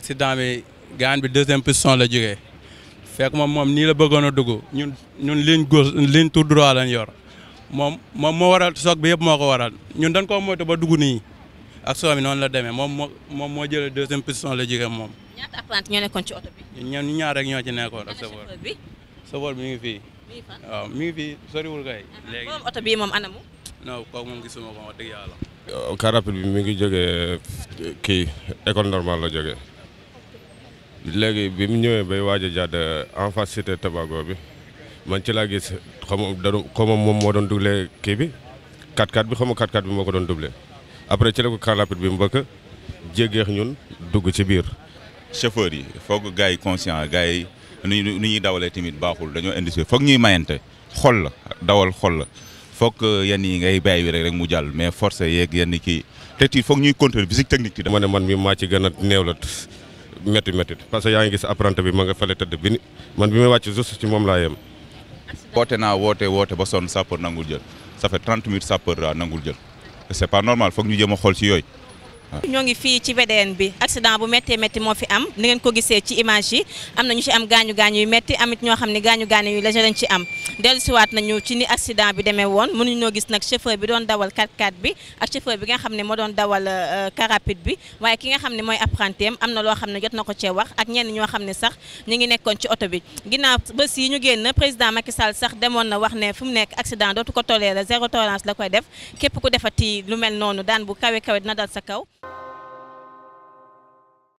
accident bi gaan bi deuxième position la jógee fekk moom moom nii la bëggoon a dugg ñun ñun ligne gauche ligne tout droit lañ yor moom moom moo waral soog bi yëpp moo ko waral ñun dañ koo moytu ba dugg nii ak soo mi noonu la demee moom moo moom moo jëlee deuxième position la jógee moom. ñaata nekkoon ci oto bi. ñun ñaar rek ñoo ci nekkoon ak chauffeur bi. chauffeur mi ngi fii. waaw mi ngi fii soriwul kay. Ah, léegi moom oto bii moom anamu. non kooku moom gisuma ko wax dëgg yàlla. bi mi ngi joge kii école normale la jógee. léegi bi mu ñëwee bay waaj a jàdd en face cité Tobago bi man ci laa gis xaw ma moom moo doon doublé kii bi 4-4 bi xaw ma 4 bi moo ko doon doublé après ci la ko car rapide bi mu bëgg jéggeex ñun dugg ci biir. chauffeur yi foog gars yi conscient gars yi nu ñuy nu ñuy dawalee tamit baaxul dañoo indi foog ñuy mayante xol la dawal xol la foog euh, yenn yi ngay bàyyi rek rek mu jàll mais force yeeg yenn ki te it foog ñuy contrôler physique technique. dama ne man mii maa ci gën néew la métti métti parce que yaa ngi gis apprenti bi ma nga fële tëdd bi ni man bi may wàcc juste ci moom laa yem. woote naa woote woote ba sonn sapeur nangul jël ça fait 30 minutes sapeur nangul jël c'est pas normal foog ñu jéem a xool ci yooyu. ñoo ngi fii ci VDN bi accident bu méttee métti moo fi am ni ngeen ko gisee ci image yi am na ñu ci am gaañu gaañu yu métti amit ñoo xam ne gaañu gaañu yu léger lañ ci am dellusiwaat nañu ci ni accident bi demee woon mënuñoo gis nag chauffeur bi doon dawal 4x4 bi ak chauffeur bi nga xam ne moo doon dawal car rapide bi waaye ki nga xam ne mooy apprenti am am na loo xam ne jot na ko cee wax ak ñenn ñoo xam ne sax ñu ngi nekkoon ci oto bi ginnaaw bés yi ñu génn président Macky Sall sax demoon na wax ne fu mu nekk accident dootu ko toléré zéro tolérance la koy def képp ku defati lu mel noonu daan bu kawe kawe dina dal sa kaw